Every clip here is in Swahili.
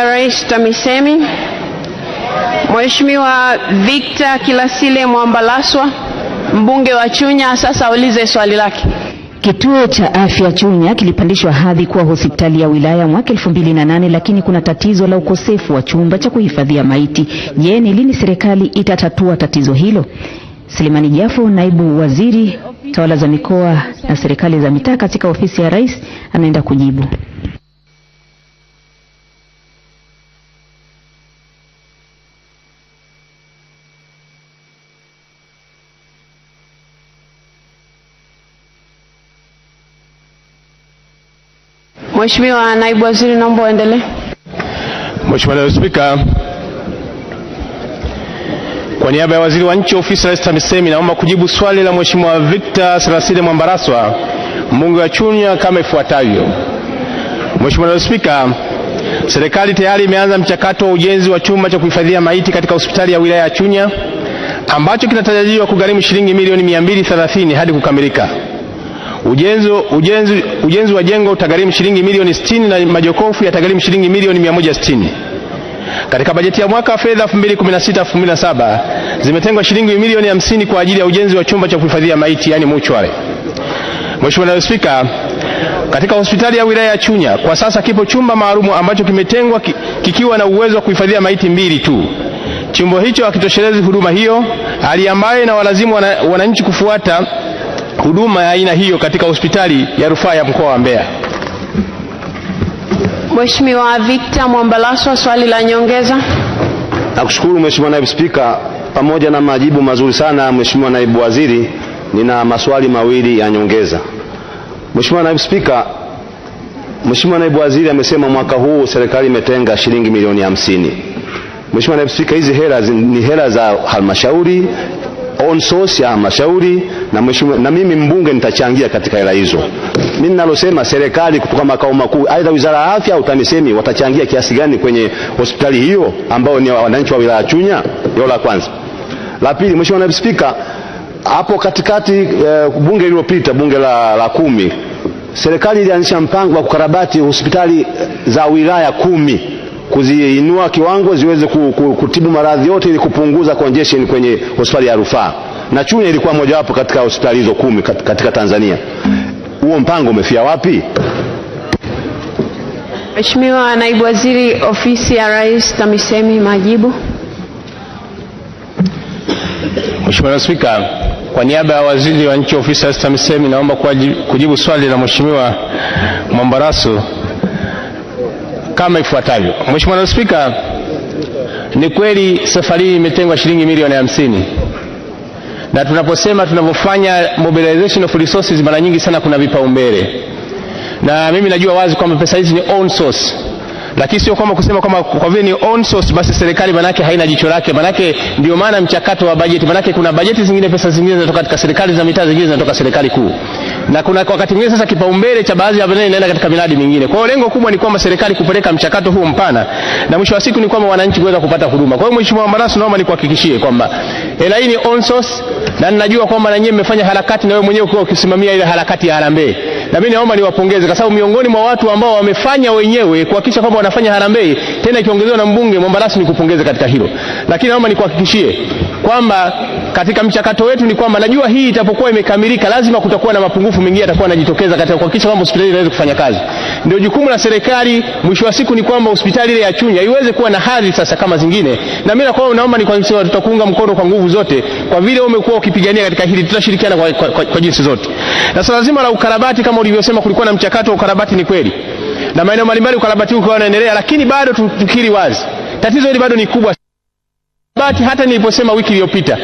ya Rais TAMISEMI Mheshimiwa Victor Kilasile Mwambalaswa, mbunge wa Chunya, sasa aulize swali lake. Kituo cha afya Chunya kilipandishwa hadhi kuwa hospitali ya wilaya mwaka nane lakini kuna tatizo la ukosefu wa chumba cha kuhifadhia maiti. Je, ni lini serikali itatatua tatizo hilo? Selemani Jafo, naibu waziri tawala za mikoa na serikali za mitaa katika ofisi ya rais, anaenda kujibu. Mheshimiwa naibu waziri, naomba uendelee. Mheshimiwa naibu Spika, kwa niaba ya waziri wa nchi ofisi ya Rais TAMISEMI naomba kujibu swali la Mheshimiwa Victor Selasile Mwambaraswa mbunge wa Chunya kama ifuatavyo. Mheshimiwa naibu Spika, serikali tayari imeanza mchakato wa ujenzi wa chumba cha kuhifadhia maiti katika hospitali ya wilaya ya Chunya ambacho kinatarajiwa kugharimu shilingi milioni 230 hadi kukamilika. Ujenzi, ujenzi, ujenzi wa jengo utagharimu shilingi milioni 60 na majokofu yatagharimu shilingi milioni 160. Katika bajeti ya mwaka wa fedha 2016/2017 zimetengwa shilingi milioni 50 kwa ajili ya ujenzi wa chumba cha kuhifadhia maiti yani muchware. Mheshimiwa Naibu Spika, katika hospitali ya wilaya ya Chunya kwa sasa kipo chumba maalum ambacho kimetengwa kikiwa na uwezo wa kuhifadhia maiti mbili tu. Chumba hicho hakitoshelezi huduma hiyo, hali ambayo na walazimu wananchi wana kufuata huduma ya aina hiyo katika hospitali ya rufaa ya mkoa wa Mbeya. Mheshimiwa Victor Mwambalaswa, swali la nyongeza. Nakushukuru Mheshimiwa Naibu Spika, pamoja na majibu mazuri sana Mheshimiwa Naibu Waziri, nina maswali mawili ya nyongeza. Mheshimiwa Naibu Spika, Mheshimiwa Naibu Waziri amesema mwaka huu serikali imetenga shilingi milioni hamsini. Mheshimiwa Naibu Spika, hizi hela ni hela za halmashauri, on source ya halmashauri na, na mimi mbunge nitachangia katika hela hizo. Mimi ninalosema serikali kutoka makao makuu, aidha wizara ya afya au TAMISEMI watachangia kiasi gani kwenye hospitali hiyo ambayo ni wananchi wa wilaya Chunya? Hilo la kwanza. La pili, Mheshimiwa Naibu Spika, hapo katikati eh, bunge lililopita bunge la, la kumi serikali ilianzisha mpango wa kukarabati hospitali za wilaya kumi kuziinua kiwango ziweze kutibu maradhi yote ili kupunguza congestion kwenye hospitali ya rufaa, na Chunya ilikuwa mojawapo katika hospitali hizo kumi katika Tanzania. Huo mpango umefia wapi? Mheshimiwa Naibu Waziri Ofisi ya Rais TAMISEMI, majibu. Mheshimiwa Spika, kwa niaba ya waziri wa nchi ofisi ya Rais TAMISEMI naomba kujibu swali la Mheshimiwa Mwambarasu kama ifuatavyo. Mheshimiwa Naibu Spika, ni kweli safari hii imetengwa shilingi milioni hamsini na tunaposema tunavyofanya mobilization of resources, mara nyingi sana kuna vipaumbele, na mimi najua wazi kwamba pesa hizi ni own source lakini sio kwamba kusema kwamba kwa vile ni own source basi serikali manake haina jicho lake. Manake ndio maana mchakato wa bajeti, manake kuna bajeti zingine, pesa zingine zinatoka katika serikali za mitaa, zingine zinatoka serikali kuu na kuna wakati mwingine sasa kipaumbele cha baadhi ya maneno inaenda katika miradi mingine. Kwa hiyo lengo kubwa ni kwamba serikali kupeleka mchakato huu mpana, na mwisho wa siku ni kwamba wananchi kuweza kupata huduma. Kwa hiyo Mheshimiwa Mbarasa, naomba nikuhakikishie kwamba hela hii ni on source, na ninajua kwamba na nyinyi mmefanya harakati, na wewe mwenyewe ukiwa ukisimamia ile harakati ya harambee na mimi naomba niwapongeze kwa sababu miongoni mwa watu ambao wamefanya wenyewe kuhakikisha kwamba wanafanya harambee, tena ikiongezewa na mbunge Mwambarasi, ni kupongeze katika hilo. Lakini naomba nikuhakikishie kwamba katika mchakato wetu ni kwamba najua hii itapokuwa imekamilika, lazima kutakuwa na mapungufu mengi yatakuwa yanajitokeza katika kuhakikisha kwamba hospitali inaweza kufanya kazi. Ndio jukumu la serikali, mwisho wa siku ni kwamba hospitali ile ya Chunya iweze kuwa na hadhi sasa kama zingine. Na mimi nakuwa naomba ni kwamba tutakuunga mkono kwa nguvu zote, kwa vile umekuwa ukipigania katika hili, tutashirikiana kwa, kwa, kwa, kwa jinsi zote, na swala zima la ukarabati kama nilivyosema kulikuwa na mchakato wa ukarabati, ni kweli, na maeneo mbalimbali ukarabati huu ukawa unaendelea, lakini bado tukiri wazi, tatizo hili bado ni kubwa. Ukarabati hata niliposema wiki iliyopita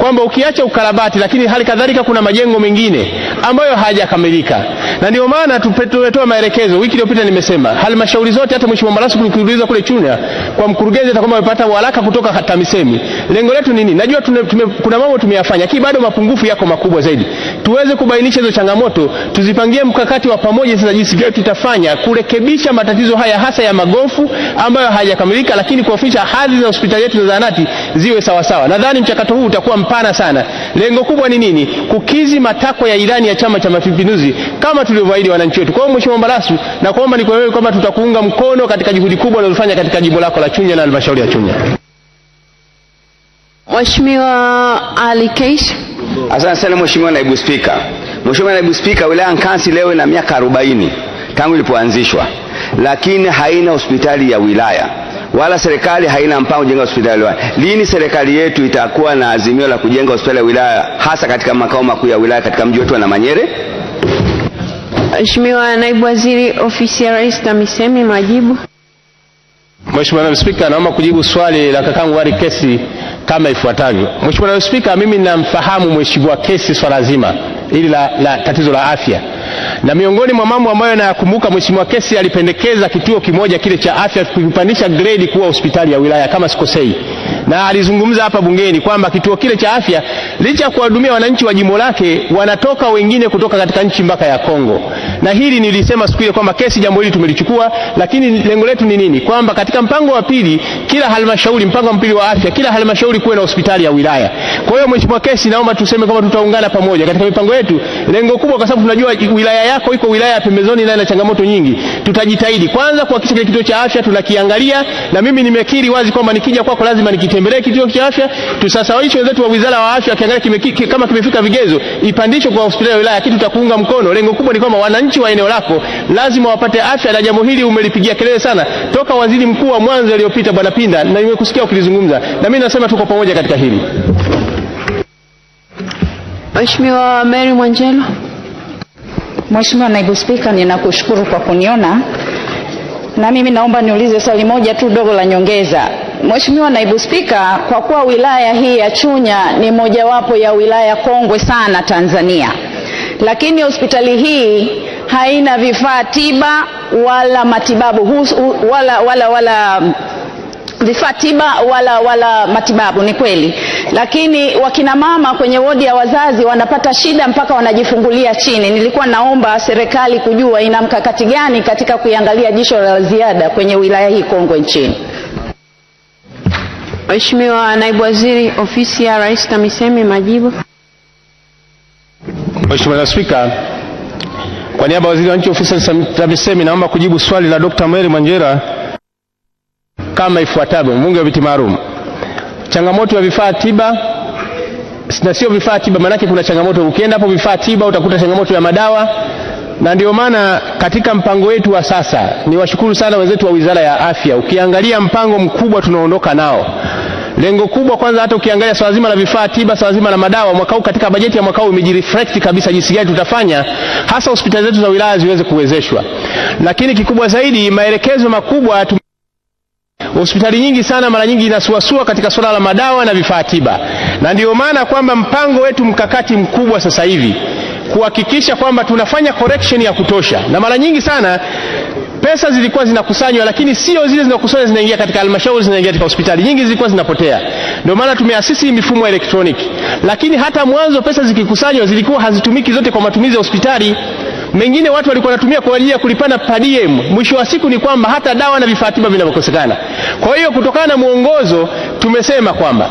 kwamba ukiacha ukarabati, lakini hali kadhalika kuna majengo mengine ambayo hajakamilika na ndio maana tumetoa maelekezo wiki iliyopita. Nimesema halmashauri zote, hata mheshimiwa Marasu kuliuliza kule Chunya kwa mkurugenzi, atakuwa amepata waraka kutoka TAMISEMI. Lengo letu nini? Najua tume, tume, kuna mambo tumeyafanya, lakini bado mapungufu yako makubwa zaidi. Tuweze kubainisha hizo changamoto, tuzipangie mkakati wa pamoja, sasa jinsi gani tutafanya kurekebisha matatizo haya, hasa ya magofu ambayo hayajakamilika, lakini kuafisha hadhi za hospitali yetu za zahanati ziwe sawasawa. Nadhani mchakato huu utakuwa mpana sana. Lengo kubwa ni nini? Kukizi matakwa ya ilani ya Chama cha Mapinduzi kama tulivyoahidi wananchi wetu. Kwa hiyo, Mheshimiwa Mbarasu, nakuomba wewe kwamba tutakuunga mkono katika juhudi kubwa unazofanya katika jimbo lako la Chunya na halmashauri ya Chunya. Mheshimiwa Ali Keish. Asante sana Mheshimiwa Naibu Spika. Mheshimiwa Naibu Spika, wilaya Nkasi leo ina miaka 40 tangu ilipoanzishwa, lakini haina hospitali ya wilaya wala serikali haina mpango kujenga hospitali wilaya. Lini serikali yetu itakuwa na azimio la kujenga hospitali ya wilaya hasa katika makao makuu ya wilaya katika mji wetu wa Namanyere? Mheshimiwa Naibu Waziri Ofisi ya Rais TAMISEMI, majibu. Mheshimiwa Naibu Spika, naomba kujibu swali la kakangu Wari Kesi kama ifuatavyo. Mheshimiwa Naibu Spika, mimi namfahamu Mheshimiwa Kesi swala zima hili la, la tatizo la afya na miongoni mwa mambo ambayo nayakumbuka, Mheshimiwa Kesi alipendekeza kituo kimoja kile cha afya kukipandisha grade kuwa hospitali ya wilaya kama sikosei na alizungumza hapa bungeni kwamba kituo kile cha afya licha kuwahudumia wananchi wa jimbo lake, wanatoka wengine kutoka katika nchi mpaka ya Kongo. Na hili nilisema siku ile kwamba kesi, jambo hili tumelichukua, lakini lengo letu ni nini? Kwamba katika mpango wa pili, kila halmashauri, mpango wa pili wa afya, kila halmashauri kuwe na hospitali ya wilaya. Kwa hiyo, mheshimiwa kesi, naomba tuseme kwamba tutaungana pamoja katika mipango yetu, lengo kubwa, kwa sababu tunajua wilaya yako iko wilaya ya pembezoni, na ina changamoto nyingi. Tutajitahidi kwanza kuhakikisha kile kituo cha afya tunakiangalia, na mimi nimekiri wazi kwamba nikija kwako lazima niki tutembelee kituo cha afya, tusasawishe wenzetu wa wizara wa afya, kiangalia kime, kama kimefika vigezo, ipandishwe kwa hospitali ya wilaya, kitu cha mkono. Lengo kubwa ni kwamba wananchi wa eneo lako lazima wapate afya, na jambo hili umelipigia kelele sana toka waziri mkuu wa mwanzo aliyopita Bwana Pinda, na nimekusikia ukilizungumza, na mimi nasema tuko pamoja katika hili. Mheshimiwa Mary Mwanjelo. Mheshimiwa Naibu Spika, ninakushukuru kwa kuniona, na mimi naomba niulize swali moja tu dogo la nyongeza. Mheshimiwa Naibu Spika, kwa kuwa wilaya hii ya Chunya ni mojawapo ya wilaya kongwe sana Tanzania, lakini hospitali hii haina vifaa tiba wala matibabu husu, wala, wala, wala vifaa tiba wala, wala matibabu. Ni kweli, lakini wakina mama kwenye wodi ya wazazi wanapata shida mpaka wanajifungulia chini. Nilikuwa naomba serikali kujua ina mkakati gani katika kuiangalia jicho la ziada kwenye wilaya hii kongwe nchini. Mheshimiwa Naibu Waziri Ofisi ya Rais TAMISEMI, majibu. Mheshimiwa Spika, kwa niaba ya Waziri wa Nchi Ofisi ya TAMISEMI naomba kujibu swali la Dr. Mweri Mwanjera kama ifuatavyo. Mbunge wa viti maalum, changamoto ya vifaa tiba na sio vifaa tiba, maanake kuna changamoto. Ukienda hapo vifaa tiba utakuta changamoto ya madawa, na ndio maana katika mpango wetu wa sasa, niwashukuru sana wenzetu wa Wizara ya Afya, ukiangalia mpango mkubwa tunaondoka nao Lengo kubwa kwanza, hata ukiangalia swala zima la vifaa tiba, swala zima la madawa, mwaka huu katika bajeti ya mwaka huu imejireflect kabisa jinsi gani tutafanya hasa hospitali zetu za wilaya ziweze kuwezeshwa. Lakini kikubwa zaidi, maelekezo makubwa tum hospitali nyingi sana mara nyingi inasuasua katika swala la madawa na vifaa tiba, na ndiyo maana kwamba mpango wetu mkakati mkubwa sasa hivi kuhakikisha kwamba tunafanya correction ya kutosha, na mara nyingi sana Pesa zilikuwa zinakusanywa, lakini sio zile zinakusanywa zinaingia katika halmashauri, zinaingia katika hospitali, nyingi zilikuwa zinapotea. Ndio maana tumeasisi mifumo ya elektroniki. Lakini hata mwanzo pesa zikikusanywa zilikuwa hazitumiki zote kwa matumizi ya hospitali, mengine watu walikuwa wanatumia kwa ajili ya kulipana per diem. Mwisho wa siku ni kwamba hata dawa na vifaa tiba vinavyokosekana. Kwa hiyo kutokana na mwongozo tumesema kwamba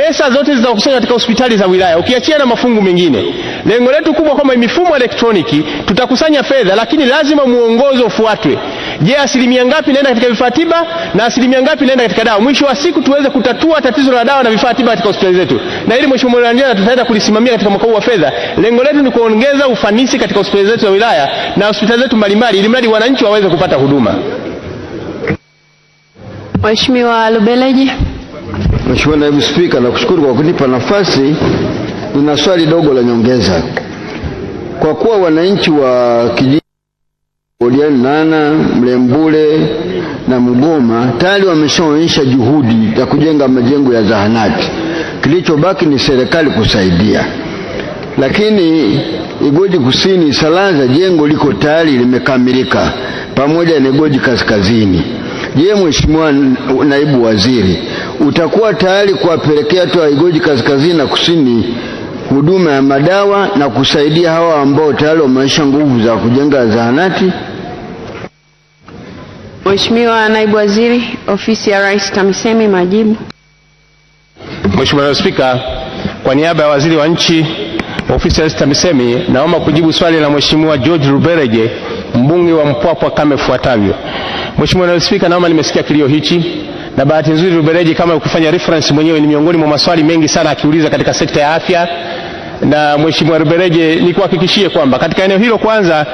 pesa zote zinazokusanywa katika hospitali za wilaya, ukiachia na mafungu mengine, lengo letu kubwa kwamba mifumo elektroniki tutakusanya fedha, lakini lazima muongozo ufuatwe. Je, asilimia ngapi inaenda katika vifaa tiba na asilimia ngapi inaenda katika dawa? Mwisho wa siku tuweze kutatua tatizo la dawa na vifaa tiba katika hospitali zetu, na ili mheshimiwa Wandera, tutaenda kulisimamia katika mwaka huu wa fedha. Lengo letu ni kuongeza ufanisi katika hospitali zetu za wilaya na hospitali zetu mbalimbali, ili mradi wananchi waweze kupata huduma. Mheshimiwa Lubeleji. Mheshimiwa Naibu Spika, nakushukuru kwa kunipa nafasi. Nina swali dogo la nyongeza. Kwa kuwa wananchi wa kijiji Nana, Mlembule na Mgoma tayari wameshaonyesha juhudi ya kujenga majengo ya zahanati, kilichobaki ni serikali kusaidia. Lakini Igoji Kusini, Salaza jengo liko tayari limekamilika pamoja na Igoji Kaskazini. Je, Mheshimiwa Naibu Waziri, utakuwa tayari kuwapelekea tu waigoji kaskazini na kusini huduma ya madawa na kusaidia hawa ambao tayari wameisha nguvu za kujenga zahanati. Mheshimiwa Naibu Waziri, Ofisi ya Rais TAMISEMI, majibu. Mheshimiwa Spika, kwa niaba ya Waziri wa Nchi, Ofisi ya Rais TAMISEMI, naomba kujibu swali la Mheshimiwa George Rubereje, mbunge wa Mpwapwa kama ifuatavyo. Mheshimiwa Naibu Spika, naomba nimesikia kilio hichi na bahati nzuri Rubereji kama ukifanya reference mwenyewe ni miongoni mwa maswali mengi sana akiuliza katika sekta ya afya, na Mheshimiwa Rubereje nikuhakikishie kwamba katika eneo hilo kwanza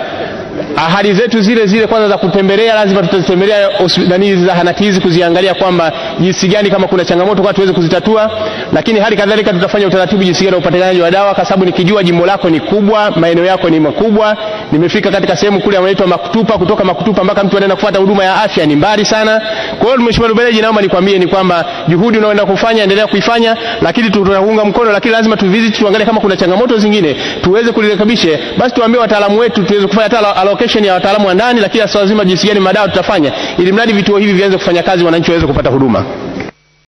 ahadi zetu zile zile kwanza za kutembelea, lazima tutazitembelea nani hizi zahanati hizi kuziangalia kwamba jinsi gani kama kuna changamoto kwa tuweze kuzitatua, lakini hali kadhalika tutafanya utaratibu jinsi gani upatikanaji wa dawa, kwa sababu nikijua jimbo lako ni kubwa, maeneo yako ni makubwa, nimefika katika sehemu kule inaitwa Makutupa, kutoka Makutupa mpaka mtu anaenda kufuata huduma ya afya ni mbali sana. Kwa hiyo mheshimiwa Lubeleji, naomba nikwambie ni kwamba juhudi unaoenda kufanya endelea kuifanya, lakini tunaunga mkono, lakini lazima tuvisit, tuangalie kama kuna changamoto zingine tuweze kulirekebisha, basi tuambie wataalamu wetu tuweze kufanya hata allocation ya wataalamu wa ndani, lakini lazima jinsi gani madawa tutafanya, ili mradi vituo hivi vianze kufanya kazi, wananchi waweze kupata huduma.